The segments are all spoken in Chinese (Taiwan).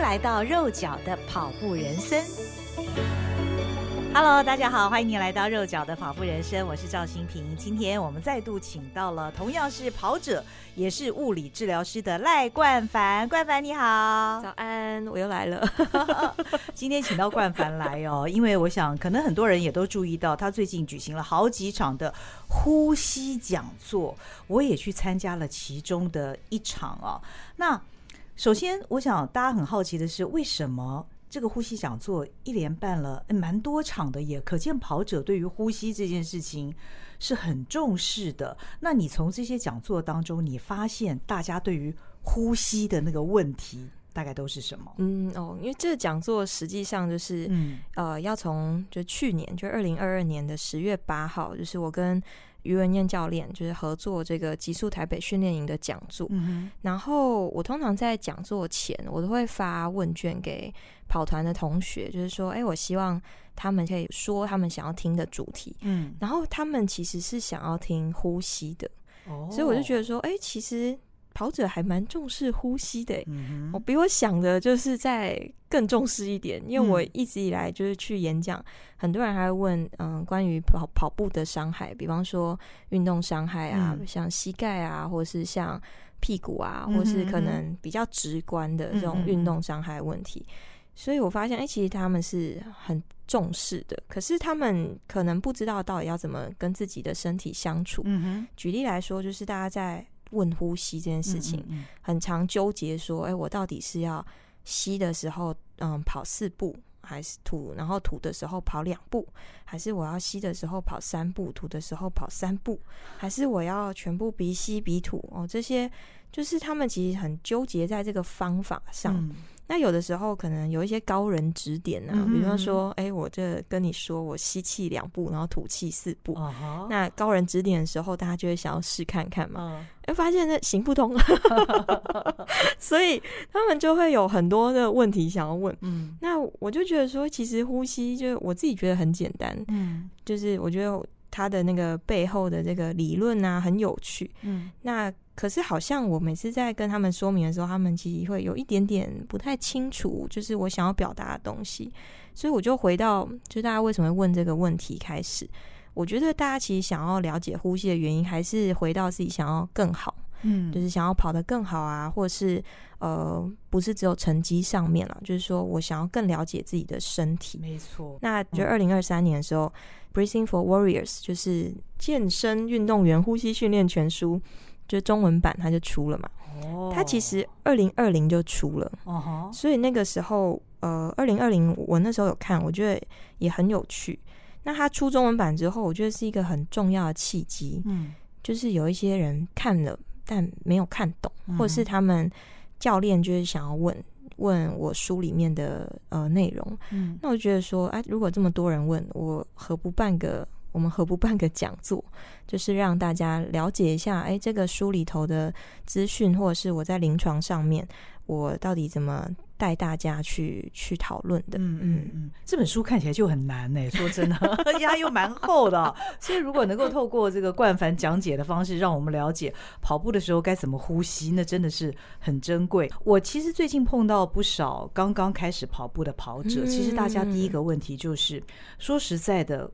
來到肉腳的跑步人蔘，Hello，大家好，歡迎你來到肉腳的跑步人蔘，我是趙心屏。今天我們再度請到了同樣是跑者，也是物理治療師的賴冠帆。冠帆你好，早安，我又來了。 今天請到冠帆來哦，因為我想，可能很多人也都注意到，他最近舉行了好幾場的呼吸講座，我也去參加了其中的一場哦。那首先，我想大家很好奇的是，為什麼這個呼吸講座一連辦了蠻多場的，也可見跑者對於呼吸這件事情是很重視的。那你從這些講座當中，你發現大家對於呼吸的那個問題大概都是什麼？嗯哦，因為這個講座實際上就是，嗯、呃，要從就去年，就二零二二年的十月八號，就是我跟余文燕教練就是合作這個極速台北訓練營的講座，嗯、哼然後我通常在講座前，我都會發問卷給跑團的同學，就是說，哎，我希望他們可以說他們想要聽的主題，嗯，然後他們其實是想要聽呼吸的，哦、所以我就覺得說，哎，其實。跑者還蠻重視呼吸的，我比我想的就是再更重視一點，因為我一直以來就是去演講，很多人還會問，嗯，關於跑跑步的傷害，比方說運動傷害啊，像膝蓋啊，或是像屁股啊，或是可能比較直觀的這種運動傷害問題，所以我發現，哎，其實他們是很重視的，可是他們可能不知道到底要怎麼跟自己的身體相處。舉例來說，就是大家在。問呼吸這件事情，很常糾結說，欸，我到底是要吸的時候，嗯，跑四步，還是吐？然後吐的時候跑兩步，還是我要吸的時候跑三步，吐的時候跑三步，還是我要全部鼻吸鼻吐？哦，這些就是他們其實很糾結在這個方法上。嗯。那有的時候可能有一些高人指點呢、啊，嗯、比方說，哎、欸，我這跟你說，我吸氣兩步，然後吐氣四步。哦、哈那高人指點的時候，大家就會想要試看看嘛，哎、哦，發現那行不通， 所以他們就會有很多的問題想要問。嗯，那我就覺得說，其實呼吸就是我自己覺得很簡單，嗯，就是我覺得它的那個背後的這個理論啊，很有趣。嗯，那。可是好像我每次在跟他們說明的時候，他們其實會有一點點不太清楚，就是我想要表達的東西。所以我就回到，就大家為什麼會問這個問題開始。我覺得大家其實想要了解呼吸的原因，還是回到自己想要更好，嗯，就是想要跑得更好啊，或是呃，不是只有成績上面了，就是說我想要更了解自己的身體。沒錯。那就二零二三年的時候，《嗯、Breathing for Warriors》就是《健身運動員呼吸訓練全書》。就中文版它就出了嘛，oh. 它其實二零二零就出了，uh huh. 所以那個時候呃二零二零我那時候有看，我覺得也很有趣。那它出中文版之後，我覺得是一個很重要的契機，嗯，就是有一些人看了但沒有看懂，嗯、或者是他們教練就是想要問問我書裡面的呃內容，嗯，那我覺得說哎、呃，如果這麼多人問我，何不辦個？我們何不辦個講座，就是讓大家了解一下，哎，這個書裡頭的資訊，或者是我在臨床上面，我到底怎麼帶大家去去討論的？嗯嗯嗯，這本書看起來就很難哎、欸，說真的， 壓又蠻厚的， 所以如果能夠透過這個冠帆講解的方式，讓我們了解跑步的時候該怎麼呼吸，那真的是很珍貴。我其實最近碰到不少剛剛開始跑步的跑者，嗯、其實大家第一個問題就是，嗯、說實在的。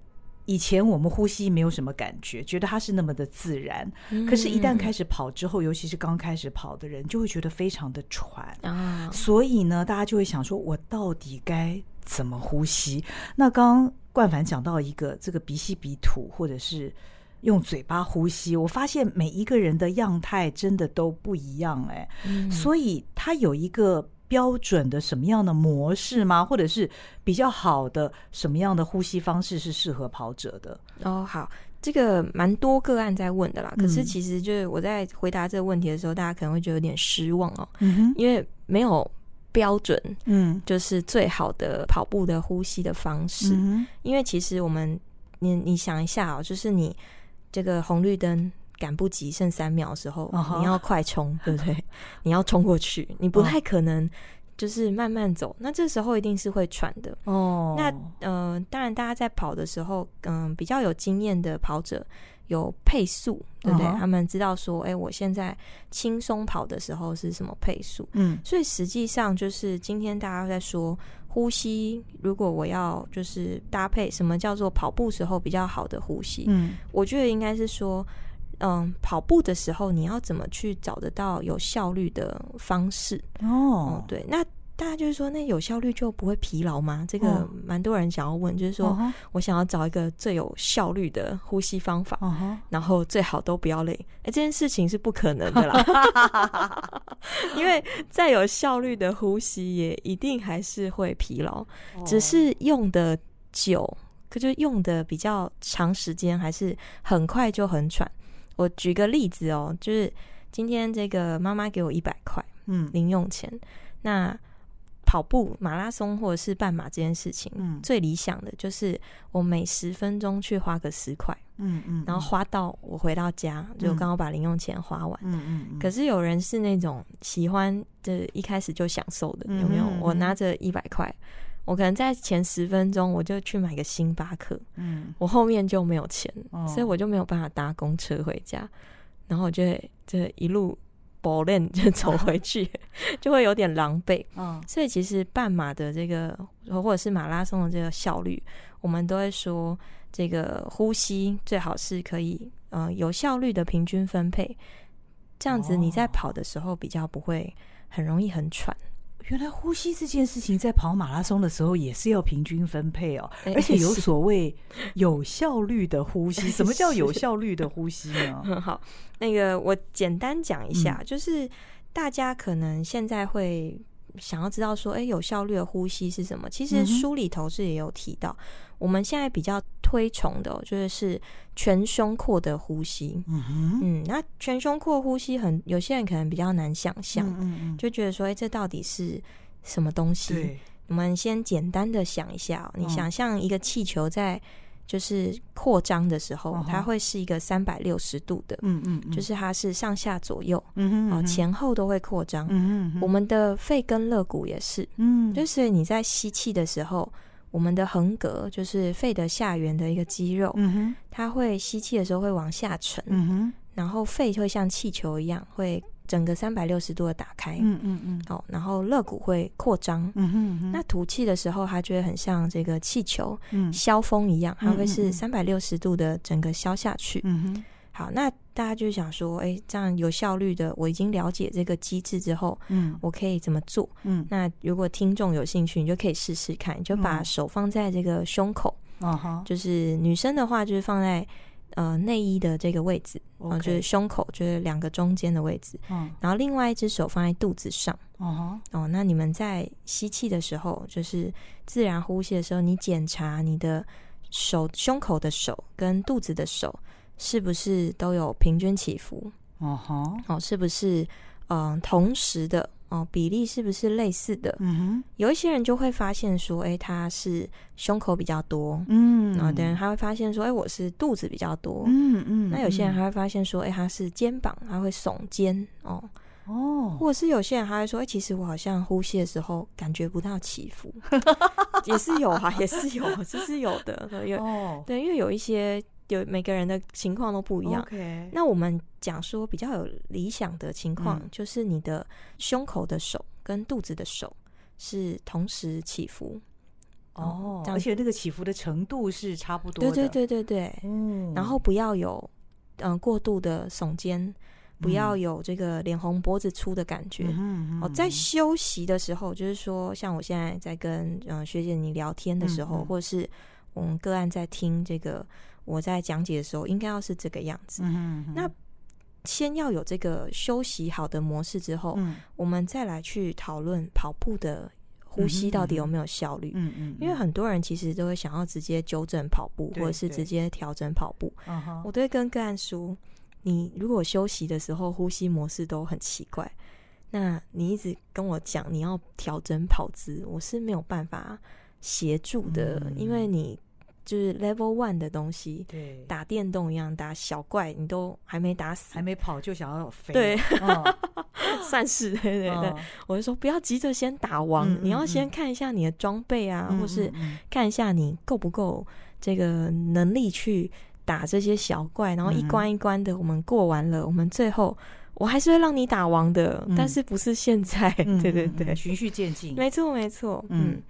以前我們呼吸沒有什麼感覺，覺得它是那麼的自然。可是，一旦開始跑之後，嗯、尤其是剛開始跑的人，就會覺得非常的喘。啊、所以呢，大家就會想說，我到底該怎麼呼吸？那剛剛冠帆講到一個，這個鼻吸鼻吐，或者是用嘴巴呼吸。我發現每一個人的樣態真的都不一樣哎、欸，嗯、所以他有一個。標準的什麼樣的模式嗎？或者是比較好的什麼樣的呼吸方式是適合跑者的？哦，好，這個蠻多個案在問的啦。可是其實，就是我在回答這個問題的時候，嗯、大家可能會覺得有點失望哦、喔，嗯、嗯哼因為沒有標準，嗯，就是最好的跑步的呼吸的方式。嗯、嗯哼因為其實我們，你你想一下啊、喔，就是你這個紅綠燈。趕不及剩三秒的時候，uh huh. 你要快衝，對不對？ 你要衝過去，你不太可能就是慢慢走。Uh huh. 那這時候一定是會喘的哦。Uh huh. 那呃，當然，大家在跑的時候，嗯、呃，比較有經驗的跑者有配速，對不對？Uh huh. 他們知道說，哎、欸，我現在輕鬆跑的時候是什麼配速？嗯、uh huh. 所以實際上就是今天大家在說呼吸，如果我要就是搭配什麼叫做跑步時候比較好的呼吸？嗯、uh huh. 我覺得應該是說。嗯，跑步的時候你要怎麼去找得到有效率的方式？哦、oh. 嗯，對，那大家就是說，那有效率就不會疲勞嗎？這個蠻多人想要問，oh. 就是說、uh huh. 我想要找一個最有效率的呼吸方法，uh huh. 然後最好都不要累。哎、欸，這件事情是不可能的啦， 因為再有效率的呼吸也一定還是會疲勞，oh. 只是用的久，可就用的比較長時間，還是很快就很喘。我舉個例子哦，就是今天這個媽媽給我一百塊，嗯，零用錢。嗯、那跑步馬拉松或者是半馬這件事情，嗯、最理想的就是我每十分鐘去花個十塊，嗯，嗯然後花到我回到家，嗯、就剛好把零用錢花完，嗯嗯嗯、可是有人是那種喜歡的一開始就享受的，嗯、有沒有？嗯、我拿着一百塊。我可能在前十分鐘我就去買個星巴克，嗯，我後面就沒有錢，嗯、所以我就沒有辦法搭公車回家，嗯、然後我就這一路步練就走回去，嗯、 就會有點狼狽。嗯，所以其實半馬的這個或者是馬拉松的這個效率，我們都會說這個呼吸最好是可以嗯、呃，有效率的平均分配，這樣子你在跑的時候比較不會很容易很喘。哦。原來呼吸這件事情，在跑馬拉松的時候也是要平均分配哦，欸、而且有所謂有效率的呼吸。欸、什麼叫有效率的呼吸呢、啊？是 好，那個我簡單講一下，嗯、就是大家可能現在會。想要知道說，哎、欸，有效率的呼吸是什麼？其實書裡頭是也有提到，嗯、哼我們現在比較推崇的，就是全胸廓的呼吸。嗯，哼嗯，那全胸廓呼吸很，有些人可能比較難想象嗯嗯嗯，就覺得說，哎、欸，這到底是什麼東西？對我們先簡單的想一下，你想象一個氣球在。就是擴張的時候，它會是一個三百六十度的，uh huh. 就是它是上下左右，uh huh. 前後都會擴張，uh huh. 我們的肺跟肋骨也是，uh huh. 就是你在吸氣的時候，我們的橫膈就是肺的下緣的一個肌肉，uh huh. 它會吸氣的時候會往下沉，uh huh. 然後肺就會像氣球一樣會。整個三百六十度的打開，嗯嗯嗯，好、嗯嗯哦，然後肋骨會擴張，嗯嗯嗯。嗯，那吐氣的時候，它覺得很像這個氣球、嗯、消風一樣，它會是三百六十度的整個消下去，嗯哼。嗯嗯好，那大家就想說，哎，這樣有效率的，我已經了解這個機制之後，嗯，我可以怎麼做？嗯，那如果聽眾有興趣，你就可以試試看，就把手放在這個胸口，嗯、就是女生的話，就是放在。呃，內衣的這個位置 Okay.、呃、就是胸口，就是兩個中間的位置。嗯，然後另外一隻手放在肚子上。哦吼、uh，哦、huh. 呃，那你們在吸氣的時候，就是自然呼吸的時候，你檢查你的手、胸口的手跟肚子的手，是不是都有平均起伏？哦吼、uh，哦、huh. 呃，是不是嗯、呃，同時的。哦，比例是不是類似的？嗯、哼有一些人就會發現說，誒、欸，他是胸口比較多，嗯，然後等人、嗯、會發現說，誒、欸，我是肚子比較多，嗯嗯，嗯，那有些人還會發現說，誒、欸，他是肩膀，他會聳肩，哦哦，或是有些人還會說，誒、欸，其實我好像呼吸的時候感覺不到起伏， 也是有啊，也是有、啊，這 是，是有的，因為、哦、對，因為有一些。就每個人的情況都不一樣。Okay, 那我們講說比較有理想的情況，就是你的胸口的手跟肚子的手是同時起伏。哦，而且那個起伏的程度是差不多的。對對對對對。嗯、然後不要有嗯、呃、過度的聳肩，不要有這個臉紅脖子粗的感覺。嗯嗯嗯、哦，在休息的時候，就是說像我現在在跟嗯、呃、學姐你聊天的時候，嗯嗯、或是我們個案在聽這個。我在講解的時候，應該要是這個樣子。嗯哼嗯哼那先要有這個休息好的模式之後，嗯、我們再來去討論跑步的呼吸到底有沒有效率。嗯嗯嗯因為很多人其實都會想要直接糾正跑步，對對或者是直接調整跑步。對對 uh huh、我都會跟個案說，你如果休息的時候呼吸模式都很奇怪，那你一直跟我講你要調整跑姿，我是沒有辦法協助的，嗯、因為你。就是 level one 的東西，對，打電動一樣，打小怪你都還沒打死，還沒跑就想要飛，對，哦，算是對對對。我就說不要急着先打王，你要先看一下你的裝備啊，或是看一下你夠不夠這個能力去打這些小怪，然後一關一關的我們過完了，我們最後我還是會讓你打王的，但是不是現在。對對對，循序漸進，沒錯沒錯，嗯。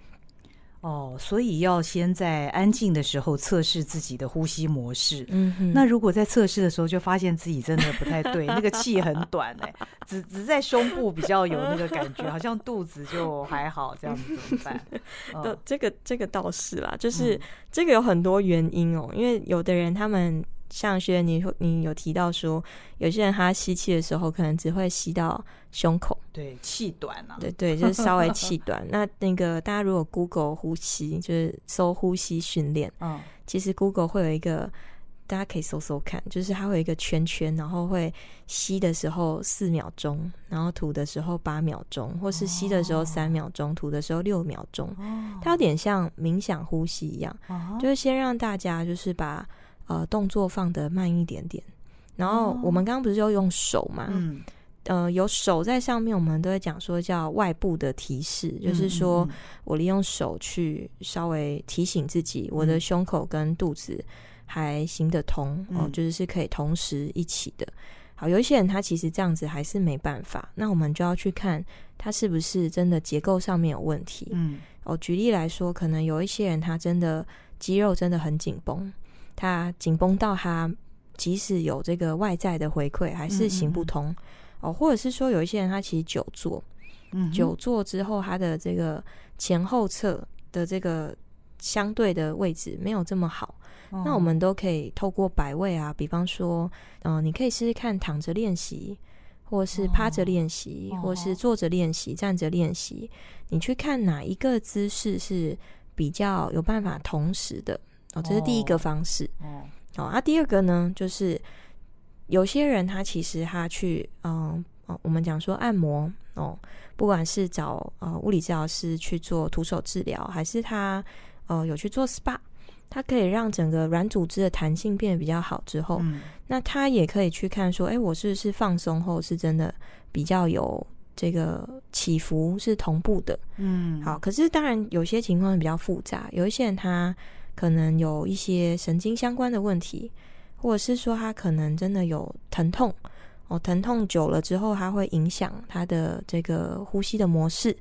哦，所以要先在安靜的時候測試自己的呼吸模式。嗯哼，那如果在測試的時候就發現自己真的不太對， 那個氣很短哎、欸，只只在胸部比較有那個感覺， 好像肚子就還好，這樣子怎麼辦？ 嗯、這個這個倒是吧，就是這個有很多原因哦，因為有的人他們。像薛，你你有提到說，有些人他吸氣的時候可能只會吸到胸口，對，氣短啊，對，對對，就是稍微氣短。 那那個大家如果 Google 呼吸，就是搜呼吸訓練，嗯，其實 Google 會有一個，大家可以搜搜看，就是它會有一個圈圈，然後會吸的時候四秒鐘，然後吐的時候八秒鐘，或是吸的時候三秒鐘，吐、哦、的時候六秒鐘，它有點像冥想呼吸一樣，哦、就是先讓大家就是把。呃，動作放得慢一點點，然後我們剛剛不是又用手嘛、哦？嗯，呃，有手在上面，我們都會講說叫外部的提示，嗯、就是說我利用手去稍微提醒自己，嗯、我的胸口跟肚子還行得通，嗯、哦，就是是可以同時一起的。嗯、好，有一些人他其實這樣子還是沒辦法，那我們就要去看他是不是真的結構上面有問題。嗯，哦，舉例來說，可能有一些人他真的肌肉真的很緊繃。他緊繃到他即使有這個外在的回饋還是行不通，嗯嗯，哦，或者是說有一些人他其實久坐，嗯嗯久坐之後他的這個前後側的這個相對的位置沒有這麼好，哦、那我們都可以透過擺位啊，比方說，嗯、呃，你可以試試看躺着練習，或是趴着練習，哦、或是坐着練習，站着練習，你去看哪一個姿勢是比較有辦法同時的。哦，這是第一個方式。哦，好啊，第二個呢，就是有些人他其實他去，嗯、呃，我們講說按摩哦、呃，不管是找、呃、物理治療師去做徒手治療，還是他、呃、有去做 SPA，他可以讓整個軟組織的彈性變得比較好之後，嗯、那他也可以去看說，哎、欸，我是不是、是放鬆後是真的比較有這個起伏是同步的？嗯，好，可是當然有些情況比較複雜，有一些人他。可能有一些神經相關的問題，或者是說他可能真的有疼痛哦，疼痛久了之後，它會影響他的這個呼吸的模式，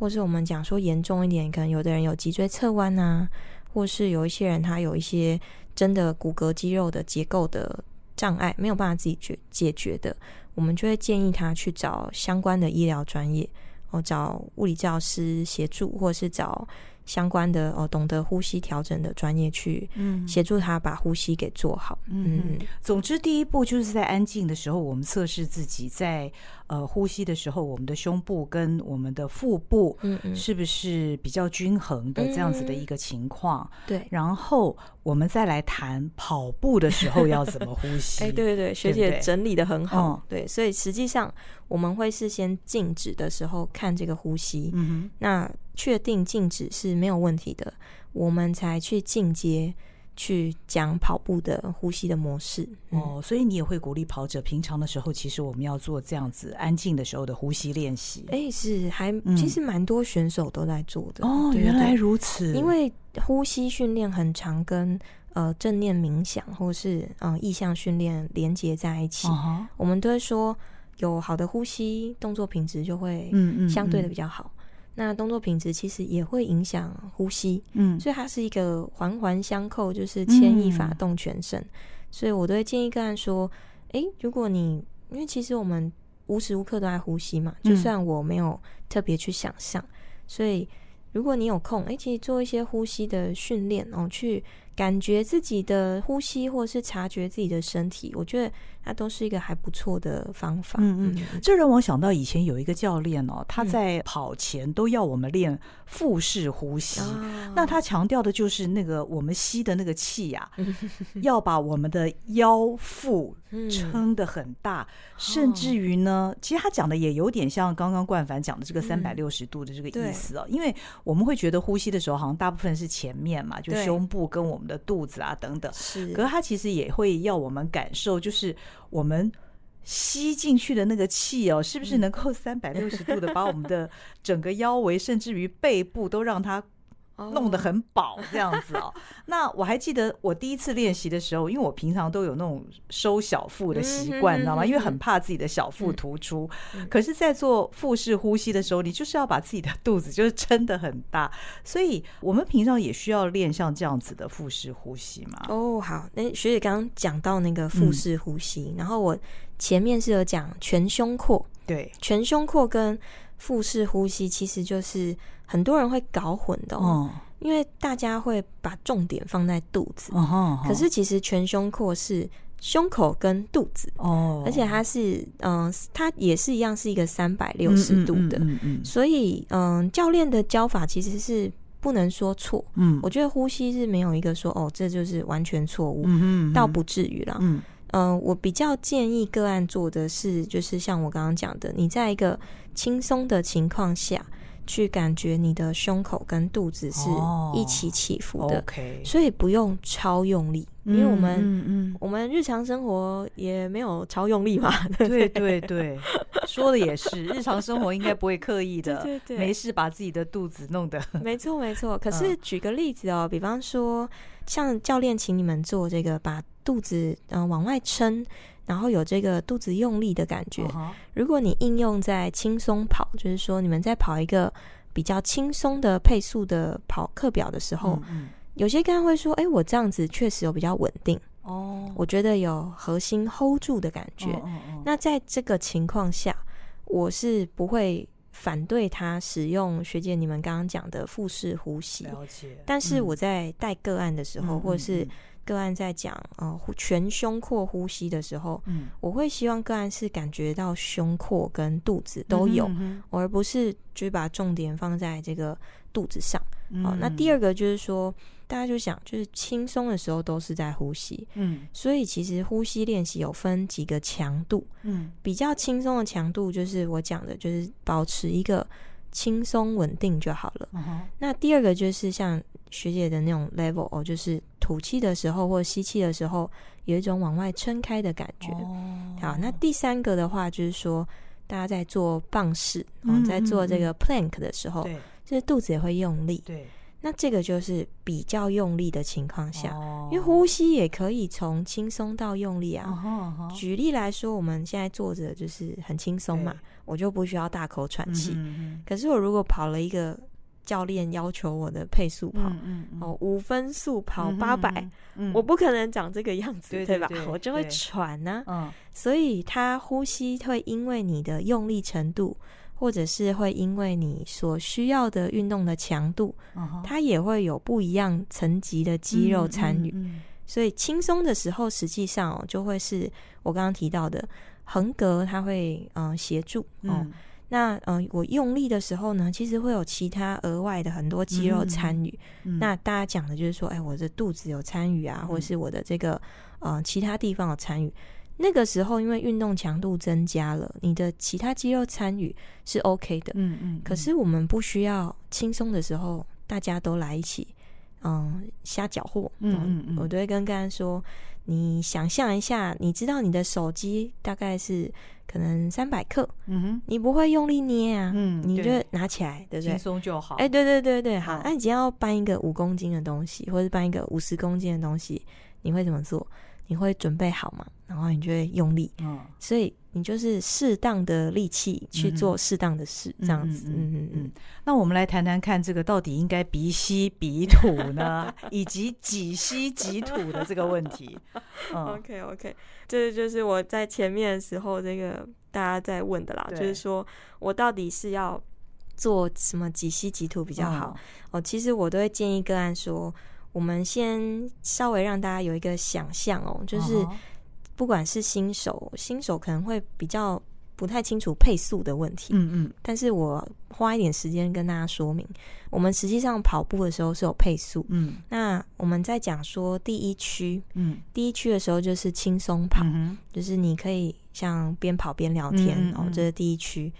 或是我們講說嚴重一點，可能有的人有脊椎側彎啊，或是有一些人他有一些真的骨骼肌肉的結構的障礙，沒有辦法自己解解決的，我們就會建議他去找相關的醫療專業，哦，找物理治療師協助，或是找。相關的哦，懂得呼吸調整的專業去協助他把呼吸給做好。嗯，嗯，總之第一步就是在安靜的時候，我們測試自己在呃呼吸的時候，我們的胸部跟我們的腹部是不是比較均衡的這樣子的一個情況。對、嗯嗯，然後我們再來談跑步的時候要怎麼呼吸。哎， 欸、對對對，對對學姐整理得很好。哦、對，所以實際上我們會是先靜止的時候看這個呼吸。嗯哼，那。確定靜止是沒有問題的，我們才去進階去講跑步的呼吸的模式、嗯、哦，所以你也會鼓勵跑者平常的時候，其實我們要做這樣子安靜的時候的呼吸練習。哎、欸，是還、嗯、其實蠻多選手都在做的哦，對對原來如此。因為呼吸訓練很常跟呃正念冥想或是啊、呃、意象訓練連接在一起，uh huh、我們都會說有好的呼吸動作品質就會嗯嗯相對的比較好。嗯嗯嗯那動作品質其實也會影響呼吸，嗯，所以它是一個環環相扣，就是牽一髮動全身。嗯、所以我都會建議個案說、欸，如果你因為其實我們無時無刻都在呼吸嘛，就算我沒有特別去想象，嗯、所以如果你有空、欸，其實做一些呼吸的訓練，哦、喔，去。感覺自己的呼吸，或者是察覺自己的身體，我覺得那都是一個還不錯的方法。嗯嗯，這讓我想到以前有一個教練哦，嗯、他在跑前都要我們練腹式呼吸。哦、那他強調的就是那個我們吸的那個氣呀、啊， 要把我們的腰腹撐得很大，嗯、甚至於呢，哦、其實他講的也有點像剛剛冠帆講的這個三百六十度的這個意思哦。嗯、因為我們會覺得呼吸的時候，好像大部分是前面嘛，就胸部跟我們。的肚子啊，等等，是，可是它其實也會要我們感受，就是我們吸進去的那個氣哦，是不是能夠三百六十度的把我們的整個腰圍，甚至於背部都讓它。弄得很飽這樣子哦。 那我還記得我第一次練習的時候，因為我平常都有那種收小腹的習慣，你知道嗎？因為很怕自己的小腹突出。可是，在做腹式呼吸的時候，你就是要把自己的肚子就是撐得很大。所以，我們平常也需要練像這樣子的腹式呼吸嘛？哦，好。那、欸、學姐剛剛講到那個腹式呼吸，嗯、然後我前面是有講全胸廓，對，全胸廓跟腹式呼吸其實就是。很多人會搞混的哦，oh. 因為大家會把重點放在肚子 oh. Oh. Oh. Oh. 可是其實全胸廓是胸口跟肚子哦，oh. 而且它是嗯、呃，它也是一樣是一個三百六十度的，所以嗯、呃，教練的教法其實是不能說錯，嗯，我覺得呼吸是沒有一個說哦，這就是完全錯誤，嗯哼嗯哼倒不至於啦，嗯嗯、呃，我比較建議個案做的是，就是像我剛剛講的，你在一個輕鬆的情況下。去感覺你的胸口跟肚子是一起起伏的，oh, okay. 所以不用超用力，嗯、因為我們、嗯、我們日常生活也沒有超用力嘛。嗯、對對對， 說的也是， 日常生活應該不會刻意的， 對對對對，沒事把自己的肚子弄得。沒錯沒錯，可是舉個例子哦，嗯、比方說像教練請你們做這個，把肚子嗯、呃、往外撐。然後有這個肚子用力的感覺。Uh huh. 如果你應用在輕鬆跑，就是說你們在跑一個比較輕鬆的配速的跑課表的時候，uh huh. 有些個人會說：“誒、欸，我這樣子確實有比較穩定哦。”Uh huh. 我覺得有核心 hold 住的感覺。Uh huh. 那在這個情況下，我是不會反對他使用學姐你們剛剛講的腹式呼吸。了解。但是我在帶個案的時候，uh huh. 或是。個案在講哦、呃，全胸廓呼吸的時候，嗯、我會希望個案是感覺到胸廓跟肚子都有，嗯哼嗯哼，而不是只把重點放在這個肚子上，嗯嗯、哦。那第二個就是說，大家就想就是輕鬆的時候都是在呼吸，嗯，所以其實呼吸練習有分幾個強度，嗯，比較輕鬆的強度就是我講的，就是保持一個輕鬆穩定就好了。嗯、哼那第二個就是像。學姐的那種 level，哦，就是吐氣的時候或吸氣的時候，有一種往外撐開的感覺。Oh. 好，那第三個的話，就是說大家在做棒式，嗯、mm hmm. 哦，在做這個 plank 的時候，對就是肚子也會用力。對，那這個就是比較用力的情況下，oh. 因為呼吸也可以從輕鬆到用力啊。Uh huh. uh huh. 舉例來說，我們現在坐着就是很輕鬆嘛，對我就不需要大口喘氣。Mm hmm. 可是我如果跑了一個教練要求我的配速跑，嗯嗯、哦，嗯、五分速跑八百，嗯，嗯、我不可能長這個樣子，嗯、對吧？我就會喘呢，啊，所以他呼吸會因為你的用力程度，嗯、或者是會因為你所需要的運動的強度，他，嗯、哼也會有不一樣層級的肌肉參與。嗯嗯嗯、所以輕鬆的時候，實際上，哦、就會是我剛剛提到的橫膈，它他會嗯協助，哦、嗯。那嗯、呃，我用力的時候呢，其實會有其他額外的很多肌肉參與。嗯嗯、那大家講的就是說，哎、欸，我的肚子有參與啊，嗯、或者是我的這個嗯、呃，其他地方有參與。那個時候，因為運動強度增加了，你的其他肌肉參與是 OK 的。嗯嗯。嗯嗯，可是我們不需要輕鬆的時候，大家都來一起，嗯、呃，瞎攪和。嗯嗯，我都會跟大家說。你想象一下，你知道你的手機大概是可能三百克，嗯哼，你不會用力捏啊，嗯，你就拿起來，對，對不對？輕鬆就好。哎，欸、對對對對，好。那、啊、你只要搬一個五公斤的東西，或者搬一個五十公斤的東西，你會怎麼做？你會準備好嘛？然後你就會用力。嗯，所以你就是適當的力氣去做適當的事，嗯、這樣子。嗯嗯嗯。嗯嗯那我們來談談看，這個到底應該鼻吸鼻吐呢， 以及幾吸幾吐的這個問題。 嗯、OK OK，這就，就是我在前面的時候，這個大家在問的啦，對就是說我到底是要做什麼幾吸幾吐比較好？哦，哦，其實我都會建議個案說。我們先稍微讓大家有一個想象哦，就是不管是新手，新手可能會比較不太清楚配速的問題。嗯嗯，但是我花一點時間跟大家說明，我們實際上跑步的時候是有配速。嗯，那我們在講說第一區，嗯，第一區的時候就是輕鬆跑，嗯嗯，就是你可以像邊跑邊聊天，嗯嗯嗯，哦，這是、個、第一區。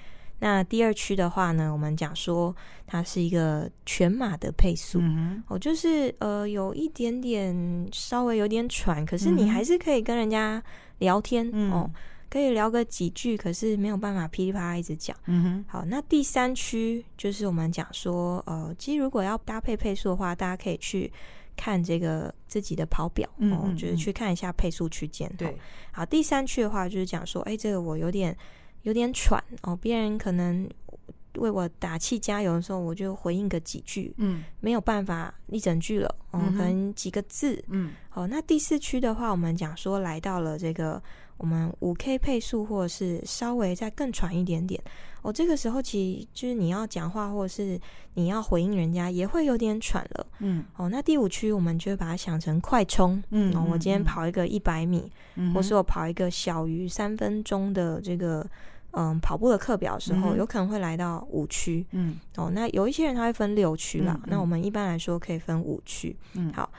那第二區的話呢，我們講說它是一個全馬的配速、嗯、哼哦，就是呃有一點點稍微有點喘，可是你還是可以跟人家聊天、嗯、哼哦，可以聊個幾句，可是沒有辦法噼裡啪啦一直講。嗯哼，好，那第三區就是我們講說，呃，其實如果要搭配配速的話，大家可以去看這個自己的跑表嗯哼、哦，就是去看一下配速區間。嗯、哼好對，好，第三區的話就是講說，哎、欸，這個我有點。有點喘，哦，別人可能為我打氣加油的時候，我就回應個幾句，嗯，沒有辦法一整句了哦，嗯、哼可能幾個字，嗯哼，哦，那第四區的話，我們講說來到了這個我們五 K 配速，或者是稍微再更喘一點點，哦，這個時候其實就是你要講話或者是你要回應人家也會有點喘了，嗯哼，哦，那第五區我們就會把它想成快衝，嗯哼、哦，我今天跑一個一百米，嗯哼，或是我跑一個小於三分鐘的這個。嗯，跑步的課表的時候，嗯、有可能會來到五區。嗯，哦，那有一些人他會分六區啦。嗯嗯，那我們一般來說可以分五區。嗯，好，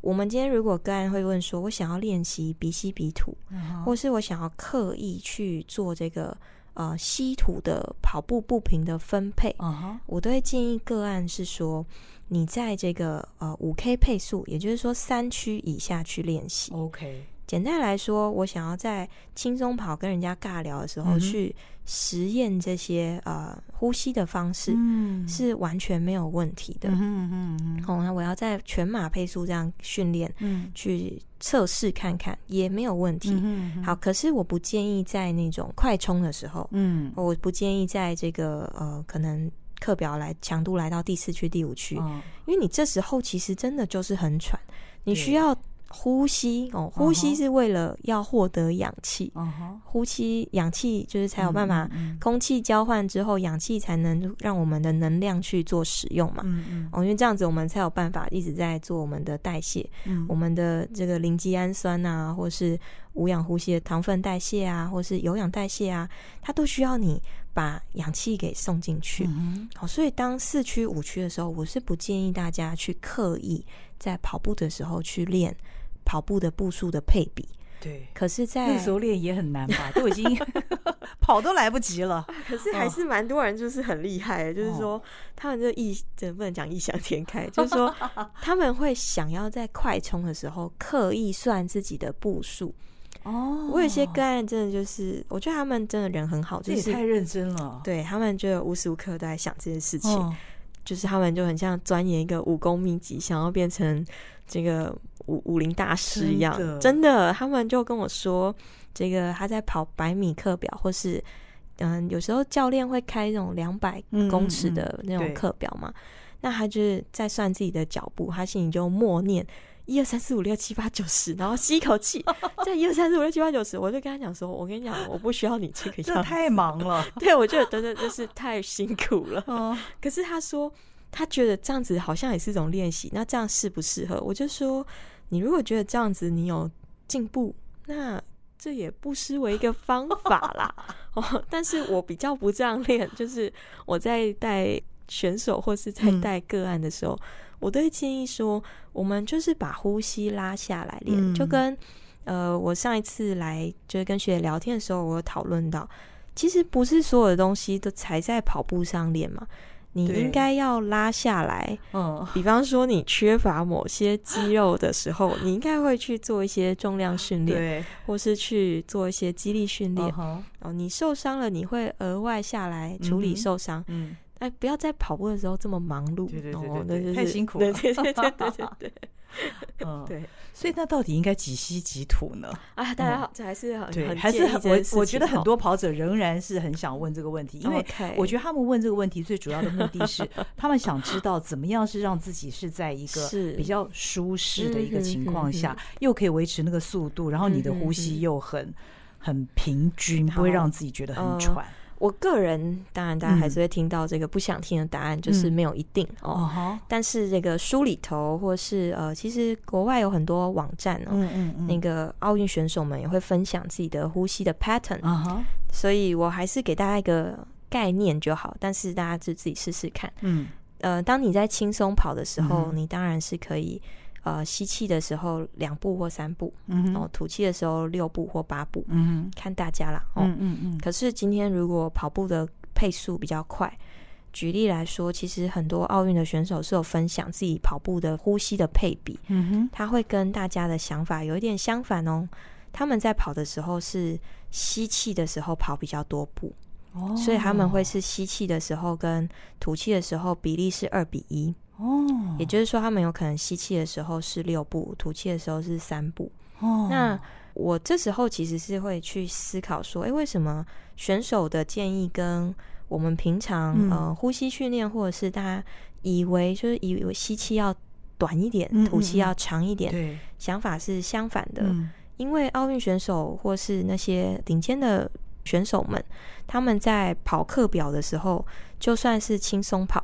我們今天如果個案會問說，我想要練習鼻吸鼻吐，嗯、哼或是我想要刻意去做這個呃吸吐的跑步步頻的分配，嗯、哼我都會建議個案是說，你在這個呃五 K 配速，也就是說三區以下去練習。OK、嗯哼。嗯簡單來說，我想要在輕鬆跑跟人家尬聊的時候，嗯、哼去實驗這些呃呼吸的方式，嗯、哼是完全沒有問題的。嗯嗯嗯。好，那我要在全馬配速這樣訓練，嗯、去測試看看也沒有問題。嗯、哼哼好，可是我不建議在那種快衝的時候，嗯，我不建議在這個呃可能課表來強度來到第四區第五區，哦、因為你這時候其實真的就是很喘，你需要。呼吸哦，呼吸是為了要獲得氧氣，uh huh. 呼吸氧氣就是才有辦法空氣交換之後，氧氣才能讓我們的能量去做使用嘛，嗯、uh huh. 哦，因為這樣子我們才有辦法一直在做我們的代謝，uh huh. 我們的這個磷酸肌酸啊，或是無氧呼吸的糖分代謝啊，或是有氧代謝啊，它都需要你把氧氣給送進去，uh huh. 哦，所以當四區五區的時候，我是不建議大家去刻意在跑步的時候去練。跑步的步數的配比，對，可是在，不熟練也很難吧？ 都已經跑都來不及了。可是還是蠻多人就是很厲害的，哦、就是說他們就一真的不能講異想天開，哦、就是說他們會想要在快衝的時候刻意算自己的步數。哦，我有些個案，真的就是我覺得他們真的人很好，這也太認真了。嗯、對，他們就無時無刻都在想這件事情，哦、就是他們就很像鑽研一個武功秘籍，想要變成這個。武武林大師一樣，真的，真的，他們就跟我說，這個他在跑百米課表，或是嗯，有時候教練會開那種兩百公尺的那種課表嘛，嗯嗯、那他就是在算自己的腳步，他心裡就默念一二三四五六七八九十，然後吸一口氣 在一二三四五六七八九十，我就跟他講說，我跟你講，我不需要你這個，這 太忙了， 對我覺得真的真的真的 是太辛苦了。哦、嗯，可是他說他覺得這樣子好像也是一種練習，那這樣適不適合？我就說。你如果覺得這樣子你有進步，那這也不失為一個方法啦。哦， 但是我比較不這樣練，就是我在帶選手或是在帶個案的時候，嗯、我都會建議說，我們就是把呼吸拉下來練，嗯、就跟呃，我上一次來就是跟學姐聊天的時候，我有討論到，其實不是所有的東西都才在跑步上練嘛。你應該要拉下來，嗯、比方說你缺乏某些肌肉的時候， 你應該會去做一些重量訓練，對或是去做一些肌力訓練，哦、uh，huh、你受傷了，你會額外下來處理受傷、嗯，嗯。哎，不要在跑步的時候這麼忙碌，哦，對，太辛苦了。對對對，嗯，對。所以那到底應該幾吸幾吐呢？啊，大家好，這還是對，還是很。我我覺得很多跑者仍然是很想問這個問題，因為我覺得他們問這個問題最主要的目的是，他們想知道怎麼樣是讓自己是在一個比較舒適的一個情況下，又可以維持那個速度，然後你的呼吸又很很平均，不會讓自己覺得很喘。我個人當然，大家還是會聽到這個不想聽的答案，就是沒有一定哦。但是這個書裡頭，或是呃，其實國外有很多網站哦，那個奧運選手們也會分享自己的呼吸的 pattern。所以我還是給大家一個概念，就好，但是大家就自己試試看。嗯，呃，當你在輕鬆跑的時候，你當然是可以。呃，吸氣的時候兩步或三步，嗯哼，然後、哦、吐氣的時候六步或八步，嗯哼，看大家啦。哦、嗯嗯嗯。可是今天如果跑步的配速比較快，舉例來說，其實很多奧運的選手是有分享自己跑步的呼吸的配比，嗯哼，他會跟大家的想法有一點相反哦。他們在跑的時候是吸氣的時候跑比較多步，哦，所以他們會是吸氣的時候跟吐氣的時候比例是二比一。哦，也就是說，他們有可能吸氣的時候是六步，吐氣的時候是三步。哦，那我這時候其實是會去思考說，哎、欸，為什麼選手的建議跟我們平常呃呼吸訓練，或者是大家以為、嗯、就是以為吸氣要短一點，嗯、吐氣要長一點，嗯嗯、想法是相反的？嗯、因為奧運選手或是那些頂尖的選手們，嗯、他們在跑課表的時候，就算是輕鬆跑。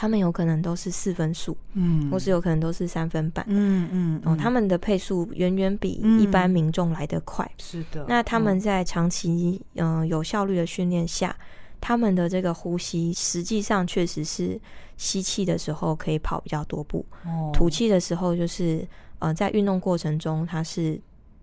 他們有可能都是四分速嗯，或是有可能都是三分半嗯，嗯嗯，他們的配速遠遠比一般民眾來得快，嗯、是的。那他們在長期嗯、呃、有效率的訓練下，他們的這個呼吸實際上確實是吸氣的時候可以跑比較多步，哦、吐氣的時候就是呃在運動過程中它是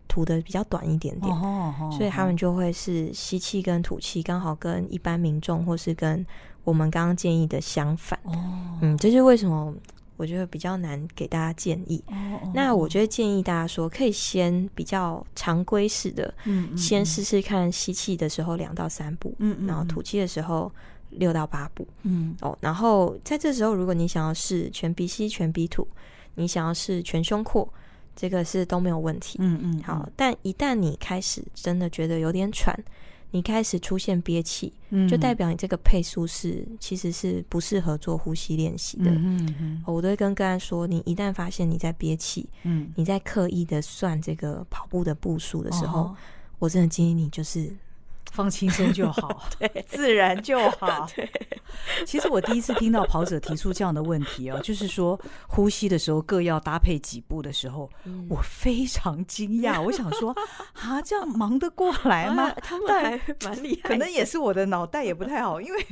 吐的比較短一點點，哦哦哦、所以他們就會是吸氣跟吐氣剛好跟一般民眾或是跟我們剛剛建議的相反，哦、嗯，這是為什麼？我覺得比較難給大家建議。哦、那我覺得建議大家說，可以先比較常規式的，嗯，嗯嗯，先試試看吸氣的時候兩到三步，嗯，嗯，然後吐氣的時候六到八步，嗯，哦，然後在這時候，如果你想要試全鼻吸全鼻吐，你想要試全胸廓，這個是都沒有問題，嗯嗯。嗯嗯好，但一旦你開始真的覺得有點喘。你開始出現憋氣，就代表你這個配速是、嗯、其實是不適合做呼吸練習的。嗯，哼嗯哼我都會跟剛才說，你一旦發現你在憋氣，嗯、你在刻意的算這個跑步的步數的時候，哦、我真的建議你就是。放輕鬆就好， 對，自然就好。 對其實我第一次聽到跑者提出這樣的問題啊， 就是說呼吸的時候各要搭配幾步的時候，嗯、我非常驚訝。我想說 啊，這樣忙得過來嗎？啊、他們還蠻厲害，可能也是我的腦袋也不太好， 因為。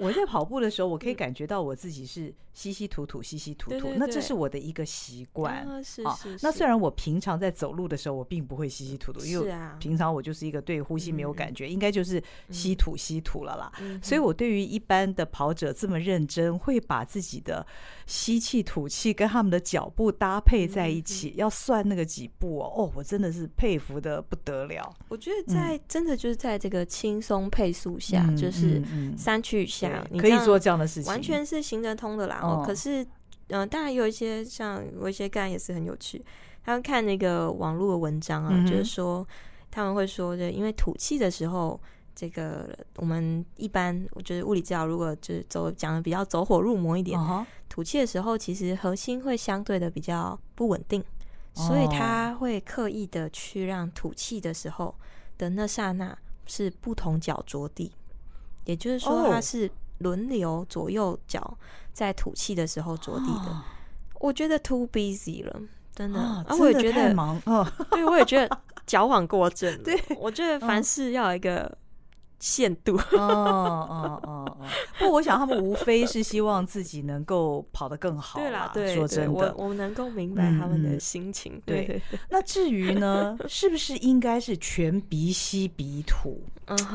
我在跑步的時候，我可以感覺到我自己是吸吸吐吐，吸吸吐吐。那這是我的一個習慣啊是是是、哦。那雖然我平常在走路的時候，我並不會吸吸吐吐，啊、因為平常我就是一個對呼吸沒有感覺，嗯、應該就是吸吐吸吐了啦。嗯、所以我對於一般的跑者這麼認真，會把自己的。吸氣、吐氣，跟他們的腳步搭配在一起，嗯嗯、要算那個幾步哦。哦，我真的是佩服得不得了。我覺得在、嗯、真的就是在這個輕鬆配速下，嗯嗯嗯、就是三去下，可以做這樣的事情，完全是行得通的啦。哦，可是，嗯、呃，當然有一些像有一些 guy 也是很有趣，他們看那個網絡的文章啊，嗯、就是說、嗯、他們會說，就因為吐氣的時候。這個我們一般就是物理治療，如果就是走講的比較走火入魔一點，uh huh. 吐氣的時候其實核心會相對的比較不穩定，oh. 所以他會刻意的去讓吐氣的時候的那剎那是不同腳着地，也就是說他是輪流左右腳在吐氣的時候着地的。Oh. 我覺得 too busy 了，真的，我也覺得忙、啊，對，我也覺得矯枉 過正。對、 嗯、我覺得凡事要一個。限度 哦，哦哦哦哦！不，我想他們無非是希望自己能夠跑得更好啊。 對啦，對，說真的，我我能夠明白他們的心情。嗯，對，對。那至於呢， 是不是應該是全鼻吸鼻吐？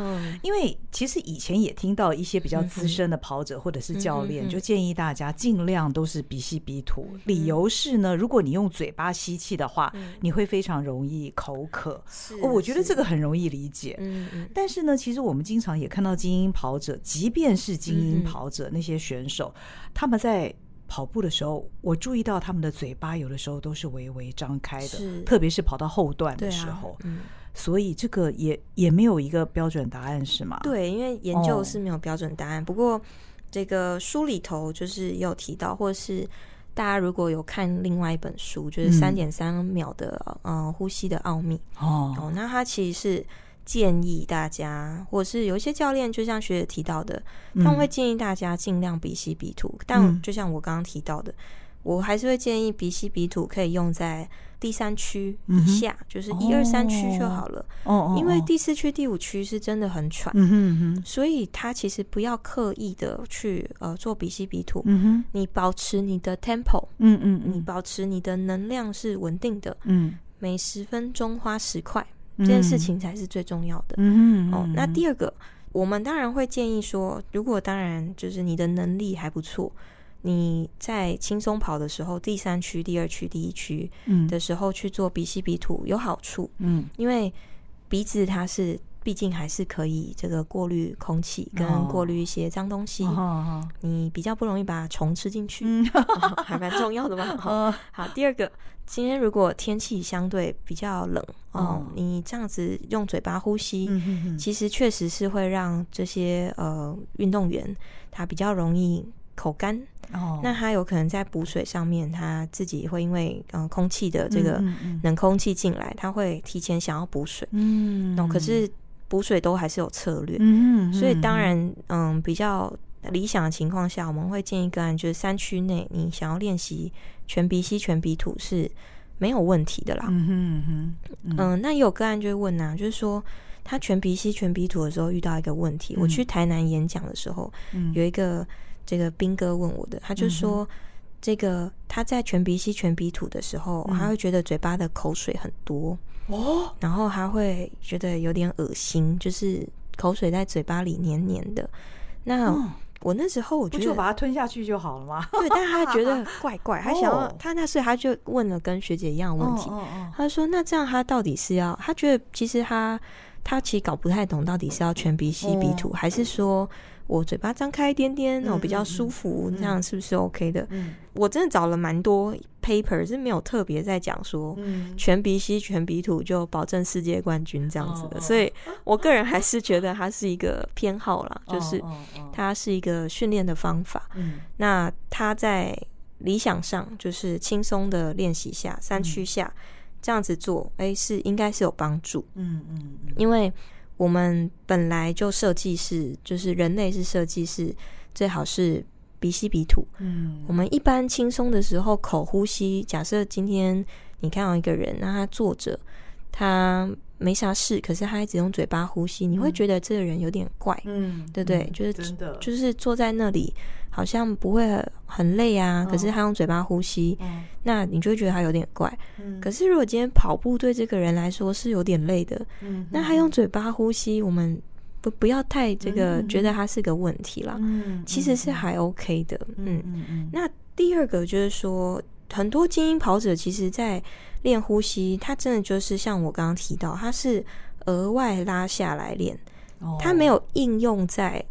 因為其實以前也聽到一些比較資深的跑者或者是教練，就建議大家盡量都是鼻吸鼻吐。理由是呢，如果你用嘴巴吸氣的話，你會非常容易口渴。哦，我覺得這個很容易理解。但是呢，其實我們經常也看到精英跑者，即便是精英跑者那些選手，他們在跑步的時候，我注意到他們的嘴巴有的時候都是微微張開的，特別是跑到後段的時候。所以這個也也沒有一個標準答案，是嗎？對，因為研究是沒有標準答案。哦、不過這個書裡頭就是也有提到，或者是大家如果有看另外一本書，就是三點三秒的嗯、呃、呼吸的奧秘哦，哦，那它其實是建議大家，或是有一些教練，就像學姐提到的，他們會建議大家儘量鼻吸鼻吐，嗯、但就像我剛剛提到的，嗯、我還是會建議鼻吸鼻吐可以用在。第三區以下、嗯、哼就是一二三區就好了，哦哦、因為第四區、第五區是真的很喘，嗯嗯、所以他其實不要刻意的去呃做鼻吸鼻吐，嗯、哼你保持你的 tempo，嗯、嗯嗯，你保持你的能量是穩定的，嗯、每十分鐘花十塊、嗯、這件事情才是最重要的，嗯、哦，那第二個，我們當然會建議說，如果當然就是你的能力還不錯。你在輕鬆跑的時候，第三區、第二區、第一區的時候去做鼻吸鼻吐、嗯、有好處，嗯、因為鼻子它是畢竟還是可以這個過濾空氣跟過濾一些髒東西，哦、你比較不容易把蟲吃進去，還蠻重要的嘛。嗯、 好，第二個，今天如果天氣相對比較冷、嗯哦、你這樣子用嘴巴呼吸，嗯、哼哼其實確實是會讓這些呃運動員他比較容易。口乾，oh. 那他有可能在補水上面，他自己會因為嗯、呃、空氣的這個冷空氣進來，嗯嗯嗯他會提前想要補水。嗯，嗯，可是補水都還是有策略，嗯，嗯，嗯，嗯，所以當然，嗯、呃，比較理想的情況下，我們會建議個案就是三區內，你想要練習全鼻吸全鼻吐是沒有問題的啦。嗯嗯嗯，嗯、呃，那有個案就會問啊，就是說他全鼻吸全鼻吐的時候遇到一個問題，嗯嗯我去台南演講的時候、嗯、有一個。這個兵哥問我的。他就說，這個他在全鼻吸全鼻吐的時候，嗯、他會覺得嘴巴的口水很多哦，然後他會覺得有點噁心，就是口水在嘴巴裡黏黏的。那我那時候我覺得，嗯、就把它吞下去就好了嘛。對，但他覺得啊啊啊怪怪，他想、哦、他那時候他就問了跟學姐一樣的問題，哦哦哦他說那這樣他到底是要他覺得其實他他其實搞不太懂到底是要全鼻吸鼻吐、嗯、還是說。我嘴巴張開一點點，我、哦、比較舒服，嗯、這樣是不是 OK 的？嗯嗯、我真的找了蠻多 paper 是沒有特別在講說全鼻吸、全鼻吐就保證世界冠軍這樣子的，哦哦、所以我個人還是覺得它是一個偏好啦，哦、就是它是一個訓練的方法。哦哦、那他在理想上就是輕鬆的練習下、嗯、三區下這樣子做，哎，是應該是有幫助。嗯嗯，嗯嗯因為。我們本來就設計是，就是人類是設計是，最好是鼻吸鼻吐。嗯，我們一般輕鬆的時候口呼吸。假設今天你看到一個人，那他坐着，他。沒啥事，可是他一直用嘴巴呼吸，你會覺得這個人有點怪，嗯，對不對？就是就是坐在那裡，好像不會很累啊。可是他用嘴巴呼吸，那你就會覺得他有點怪。可是如果今天跑步對這個人來說是有點累的，那他用嘴巴呼吸，我們不不要太這個覺得他是個問題啦。其實是還 OK 的。嗯，那第二個就是說，很多精英跑者其實，在練呼吸，它，真的就是像我剛剛提到，它是額外拉下來練，它沒有應用在、oh.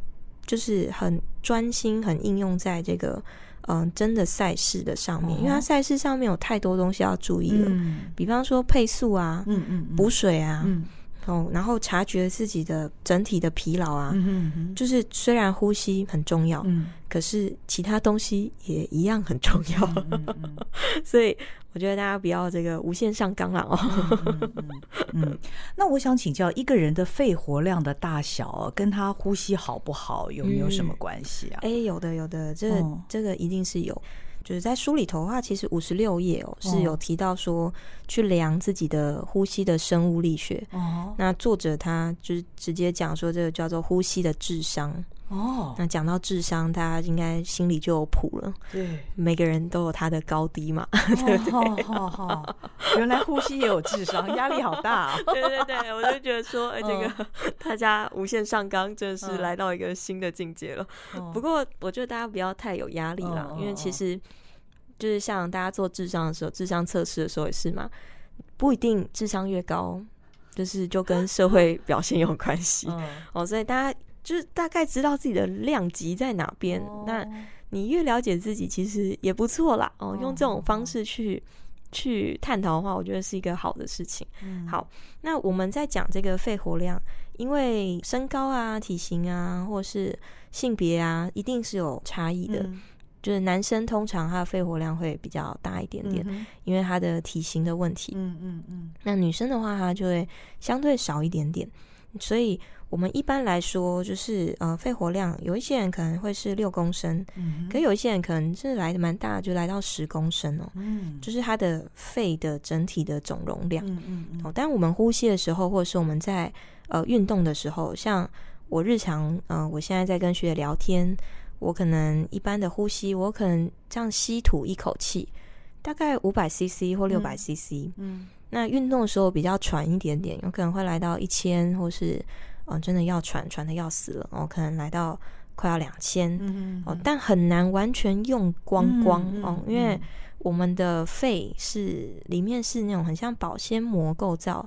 就是很專心，很應用在這個嗯真的賽事的上面，oh. 因為它賽事上面有太多東西要注意了，mm hmm. 比方說配速啊，補、mm hmm. 水啊，mm hmm. 哦，然後察覺自己的整體的疲勞啊，mm hmm. 就是雖然呼吸很重要，mm hmm. 可是其他東西也一樣很重要，mm hmm. 所以。我覺得大家不要這個無限上綱了哦。嗯嗯，那我想請教，一個人的肺活量的大小跟他呼吸好不好有沒有什麼關係啊？哎、嗯欸，有的有的，這、哦、這個一定是有，就是在書裡頭的話，其實五十六頁哦是有提到說，去量自己的呼吸的生物力學。哦，那作者他就直接講說，這個叫做呼吸的智商。哦，那講到智商，大家應該心裡就有譜了。對，每個人都有他的高低嘛。對對好，原來呼吸也有智商，壓力好大啊！對對對，我就覺得說，哎，這個大家無限上綱，就是來到一個新的境界了。不過，我覺得大家不要太有壓力了，因為其實就是像大家做智商的時候，智商測試的時候也是嘛，不一定智商越高，就是就跟社會表現有關係哦。所以大家。就是大概知道自己的量級在哪邊，oh. 那你越了解自己，其實也不錯啦。Oh. 哦，用這種方式去、oh. 去探討的話，我覺得是一個好的事情。Oh. 好，那我們在講這個肺活量，因為身高啊、體型啊，或是性別啊，一定是有差異的。Oh. 就是男生通常他的肺活量會比較大一點點，mm hmm. 因為他的體型的問題。嗯嗯嗯。Hmm. 那女生的話，她就會相對少一點點。所以，我們一般來說就是呃，肺活量有一些人可能會是六公升，mm hmm. 可是有一些人可能真的來得蠻大的，就來到十公升哦，mm hmm. 就是他的肺的整體的總容量。mm hmm. 哦，但我們呼吸的時候，或者是我們在呃運動的時候，像我日常，嗯、呃，我現在在跟學姐聊天，我可能一般的呼吸，我可能這樣吸吐一口氣，大概五百 CC 或六百 CC，嗯。Mm hmm. 那運動的時候比較喘一點點，有可能會來到一千，或是嗯、哦，真的要喘，喘得要死了，哦，可能來到快要兩千、嗯嗯嗯，哦，但很難完全用光光，嗯嗯嗯，哦，因為我們的肺是裡面是那種很像保鮮膜構造，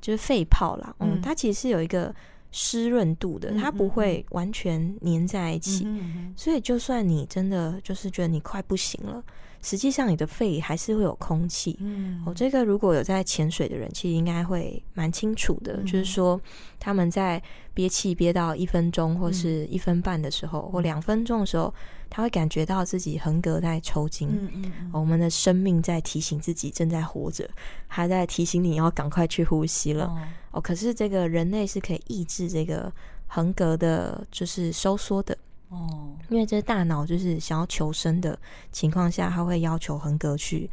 就是肺泡啦，嗯，嗯，它其實是有一個濕潤度的，它不會完全黏在一起，嗯嗯嗯，所以就算你真的就是覺得你快不行了。實際上，你的肺還是會有空氣。嗯，哦，這個如果有在潛水的人，其實應該會蠻清楚的。嗯、就是說，他們在憋氣憋到一分鐘或是一分半的時候，嗯、或兩分鐘的時候，他會感覺到自己橫膈在抽筋。嗯，嗯、哦，我們的生命在提醒自己正在活着，還在提醒你要趕快去呼吸了。哦，哦，可是這個人類是可以抑制這個橫膈的，就是收縮的。哦，因為這大腦就是想要求生的情況下，他會要求橫膈去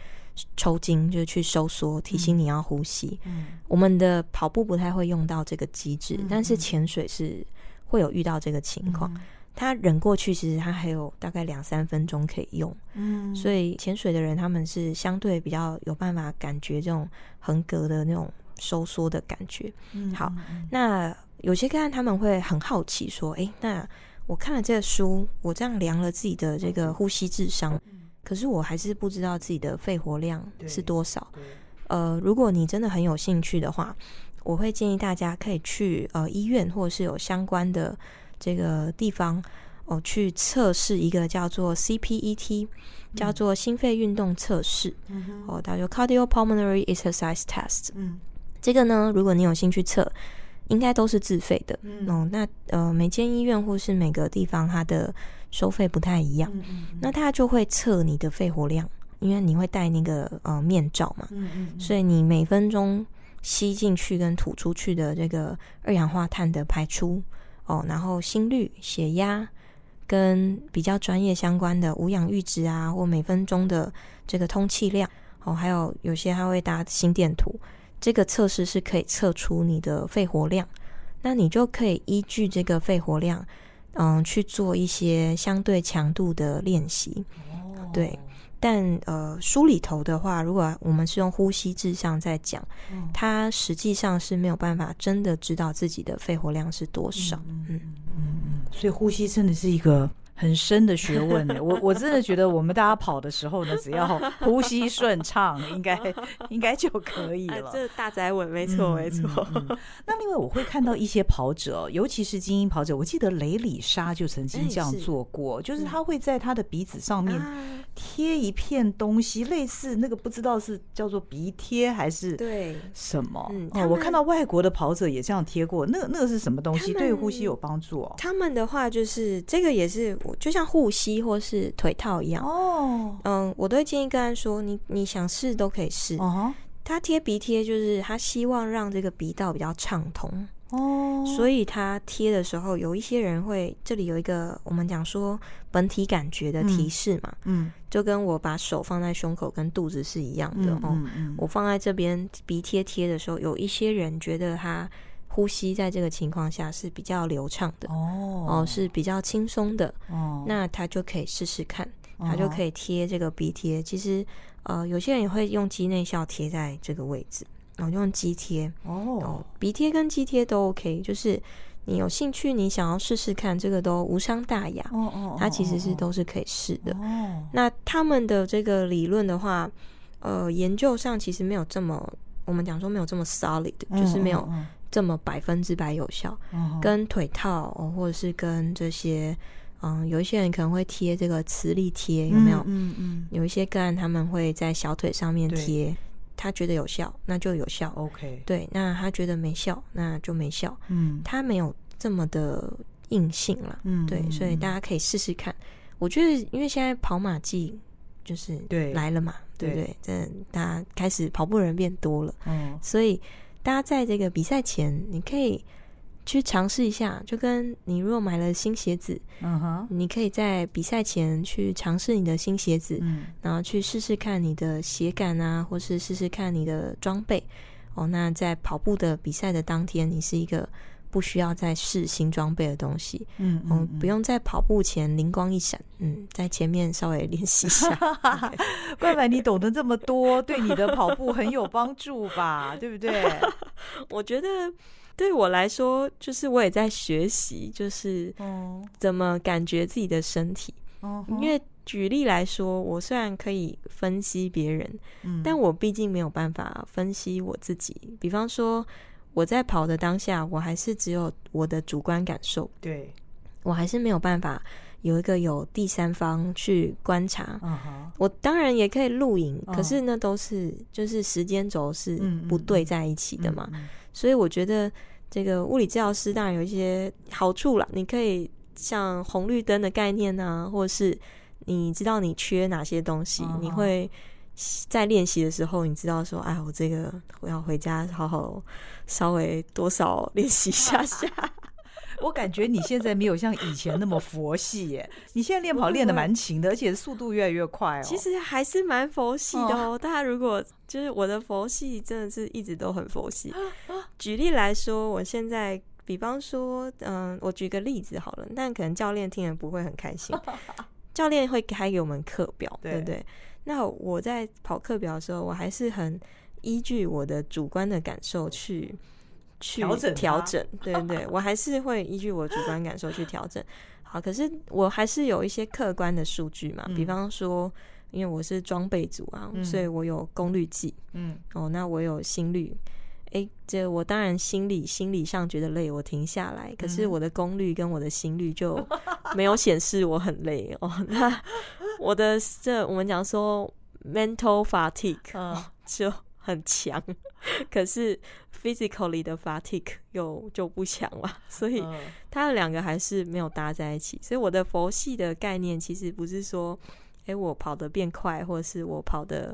抽筋，就是去收縮，提醒你要呼吸。嗯，嗯，我們的跑步不太會用到這個機制，嗯嗯、但是潛水是會有遇到這個情況。他、嗯、忍過去，其實他還有大概兩三分鐘可以用。嗯，所以潛水的人他們是相對比較有辦法感覺這種橫膈的那種收縮的感覺。嗯、好，那有些客人他們會很好奇說：“哎、欸，那？”我看了這個書，我這樣量了自己的這個呼吸智商，Okay. 可是我還是不知道自己的肺活量是多少。呃，如果你真的很有興趣的話，我會建議大家可以去呃醫院或者是有相關的這個地方哦、呃、去測試一個叫做 CPET，、嗯、叫做心肺運動測試，哦、嗯哼，叫做、呃、Cardio Pulmonary Exercise Test。嗯、這個呢，如果你有興趣測。應該都是自費的嗯，嗯，哦、那呃，每間醫院或是每個地方，它的收費不太一樣。嗯嗯嗯，那他就會測你的肺活量，因為你會戴那個呃面罩嘛，嗯嗯嗯，所以你每分鐘吸進去跟吐出去的這個二氧化碳的排出哦。然後心率，血壓，跟比較專業相關的無氧閾值啊，或每分鐘的這個通氣量哦，還有有些他會搭心電圖。這個測試是可以測出你的肺活量，那你就可以依據這個肺活量，嗯，去做一些相對強度的練習。哦、對，但呃，書裡頭的話，如果我們是用呼吸志上在講，哦、它實際上是沒有辦法真的知道自己的肺活量是多少。嗯，嗯，嗯，所以呼吸真的是一個。很深的學問呢，我我真的覺得我們大家跑的時候呢，只要呼吸順暢，應該應該就可以了。這大哉問，沒錯沒錯。那另外我會看到一些跑者，尤其是精英跑者，我記得雷里莎就曾經這樣做過，就是他會在他的鼻子上面貼一片東西，類似那個不知道是叫做鼻貼還是，對什麼哦。我看到外國的跑者也這樣貼過，那那個是什麼東西？對呼吸有幫助哦。他們的話就是這個也是。就像護膝或是腿套一樣哦，oh. 嗯，我都會建議跟他說，你你想試都可以試。哦、uh，huh. 他貼鼻貼就是他希望讓這個鼻道比較暢通哦，oh. 所以他貼的時候，有一些人會這裡有一個我們講說本體感覺的提示嘛，嗯、mm，hmm. 就跟我把手放在胸口跟肚子是一樣的、mm hmm. 哦，我放在這邊鼻貼貼的時候，有一些人覺得他。呼吸在這個情況下是比較流暢的哦、oh. 呃，是比較輕鬆的哦，oh. 那他就可以試試看，oh. 他就可以貼這個鼻貼。其實，呃，有些人也會用肌內效貼在這個位置，然、呃、後用肌貼哦、oh. 呃，鼻貼跟肌貼都 OK。就是你有興趣，你想要試試看，這個都無傷大雅哦哦。Oh. 他其實是都是可以試的哦。Oh. 那他們的這個理論的話，呃，研究上其實沒有這麼我們講說沒有這麼 solid，oh. 就是沒有。這麼百分之百有效，oh. 跟腿套或者是跟這些，嗯，有一些人可能會貼這個磁力貼，有沒有？嗯嗯、mm，hmm. 有一些個案他們會在小腿上面貼，對他覺得有效，那就有效。OK，對，那他覺得沒效，那就沒效。嗯，Okay. 他沒有這麼的硬性了。嗯、mm，hmm. 對，所以大家可以試試看。我覺得，因為現在跑馬季就是來了嘛，對不對？嗯，大家開始跑步的人變多了，嗯，oh. 所以。大家在這個比賽前，你可以去嘗試一下。就跟你如果買了新鞋子，嗯哼、Uh-huh. 你可以在比賽前去嘗試你的新鞋子，嗯、Uh-huh. 然後去試試看你的鞋感啊，或是試試看你的裝備。哦，那在跑步的比賽的當天，你是一個。不需要再試新裝備的東西，嗯嗯，不用在跑步前靈光一閃，嗯，在前面稍微練習一下。乖乖，你懂得這麼多，對你的跑步很有幫助吧？對不對？我覺得對我來說，就是我也在學習，就是怎麼感覺自己的身體。因為舉例來說，我雖然可以分析別人，但我畢竟沒有辦法分析我自己。比方說。我在跑的當下，我還是只有我的主觀感受。對，我還是沒有辦法有一個有第三方去觀察。Uh huh. 我當然也可以錄影，uh huh. 可是那都是就是時間軸是不對在一起的嘛。Uh huh. 所以我覺得這個物理治療師當然有一些好處啦。你可以像紅綠燈的概念啊，或是你知道你缺哪些東西，uh huh. 你會。在練習的時候，你知道說，哎，我這個我要回家好好稍微多少練習一下下。 我感覺你現在沒有像以前那麼佛系耶。你現在練跑練得蠻勤的，會而且速度越來越快哦。其實還是蠻佛系的哦。大家、哦、如果就是我的佛系，真的是一直都很佛系。舉例來說，我現在，比方說，嗯，我舉個例子好了，但可能教練聽了不會很開心。教練會開給我們課表， 對不對,對？那我在跑課表的時候，我還是很依據我的主觀的感受去去調整，整、啊、對，對對，我還是會依據我的主觀感受去調整。 好，可是我還是有一些客觀的數據嘛，嗯、比方說，因為我是裝備組啊，嗯、所以我有功率計，嗯，哦，那我有心率。哎、欸，這我當然心理心理上覺得累，我停下來，可是我的功率跟我的心率就沒有顯示我很累、嗯、 哦。那我的這我們講說 mental fatigue、哦、就很強，可是 physically 的 fatigue 又就不強了，所以它的兩個還是沒有搭在一起。所以我的佛系的概念其實不是說，哎、欸，我跑得變快，或是我跑得……」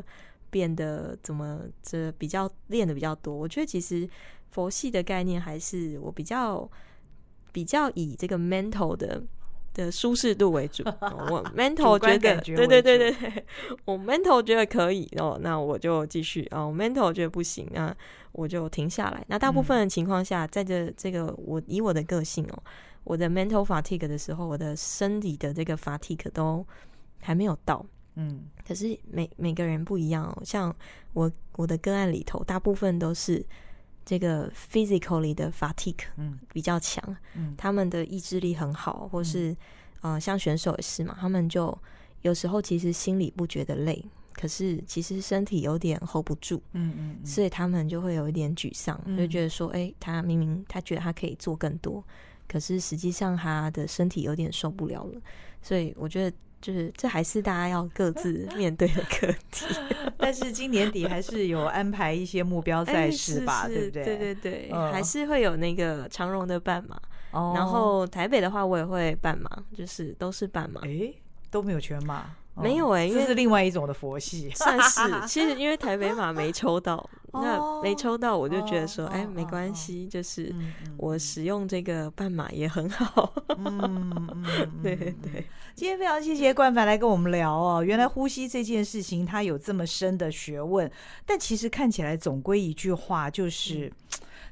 變得怎麼？這比較練的比較多？我覺得其實佛系的概念還是我比較比較以這個 mental 的的舒適度為主。 我 mental 感覺、覺得，對對對對對，我 mental 覺得可以哦、喔，那我就繼續哦、喔。我 mental 覺得不行，那我就停下來。那大部分的情況下，嗯、在這這個我以我的個性哦、喔，我的 mental fatigue 的時候，我的身體的這個 fatigue 都還沒有到。嗯，可是每每個人不一樣哦。像我我的個案裡頭，大部分都是這個 physically 的 fatigue 比較強。嗯嗯、他們的意志力很好，或是、嗯、呃，像選手也是嘛，他們就有時候其實心裡不覺得累，可是其實身體有點 hold 不住。嗯嗯，嗯嗯所以他們就會有一點沮喪，嗯、就覺得說，哎、欸，他明明他覺得他可以做更多，可是實際上他的身體有點受不了了。嗯、所以我覺得。就是這還是大家要各自面對的課題， 但是今年底還是有安排一些目標賽事吧，欸、是是對不對？對對對，嗯、還是會有那個長榮的半馬，哦、然後台北的話我也會半馬，就是都是半馬，哎、欸、都沒有全馬。沒有哎，這是另外一種的佛系，算是。其實因為台北馬沒抽到，那沒抽到我就覺得說，哎，沒關係，就是我使用這個半馬也很好。嗯，對對對。今天非常謝謝冠帆來跟我們聊哦，原來呼吸這件事情它有這麼深的學問，但其實看起來總歸一句話，就是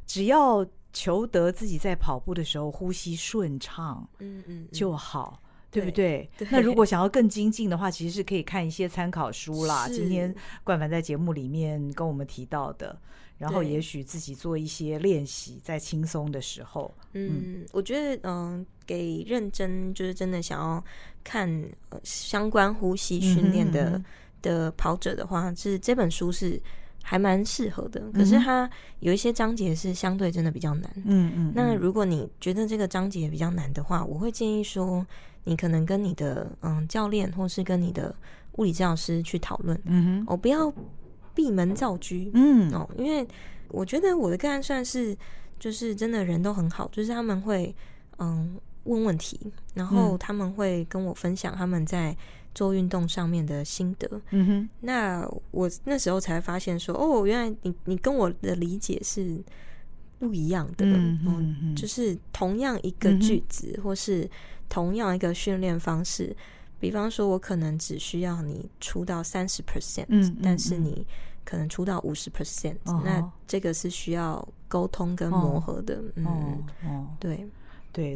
只要求得自己在跑步的時候呼吸順暢，嗯嗯，就好。對不對？對對，那如果想要更精進的話，其實是可以看一些參考書啦。是今天冠帆在節目裡面跟我們提到的，然後也許自己做一些練習，在輕鬆的時候。對嗯，我覺得嗯、呃，給認真就是真的想要看相關呼吸訓練的、嗯、的跑者的話，是這本書是。還蠻適合的，可是它有一些章節是相對真的比較難，嗯，嗯嗯。那如果你覺得這個章節比較難的話，我會建議說，你可能跟你的嗯教練或是跟你的物理治療師去討論，嗯哼哦，不要閉門造車，嗯哦，因為我覺得我的個案算是就是真的人都很好，就是他們會嗯問問題，然後他們會跟我分享他們在。做運動上面的心得，嗯哼、mm，hmm. 那我那時候才發現說，哦，原來你你跟我的理解是不一樣的，嗯、mm hmm. 哦、就是同樣一個句子，mm hmm. 或是同樣一個訓練方式，比方說，我可能只需要你出到三十 percent，但是你可能出到五十 percent，那這個是需要溝通跟磨合的，oh. 嗯，哦，oh. 對。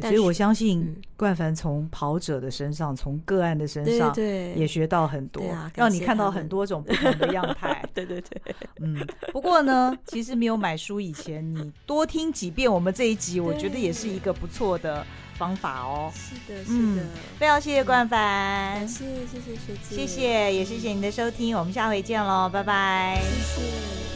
對，所以我相信冠帆從跑者的身上，從個案的身上，也學到很多，讓你看到很多種不同的樣態。對對對，嗯。不過呢，其實沒有買書以前，你多聽幾遍我們這一集，我覺得也是一個不錯的方法哦。是的，是的，非常謝謝冠帆，謝謝謝謝學姐，謝謝也謝謝你的收聽，我們下回見嘍，拜拜，謝謝。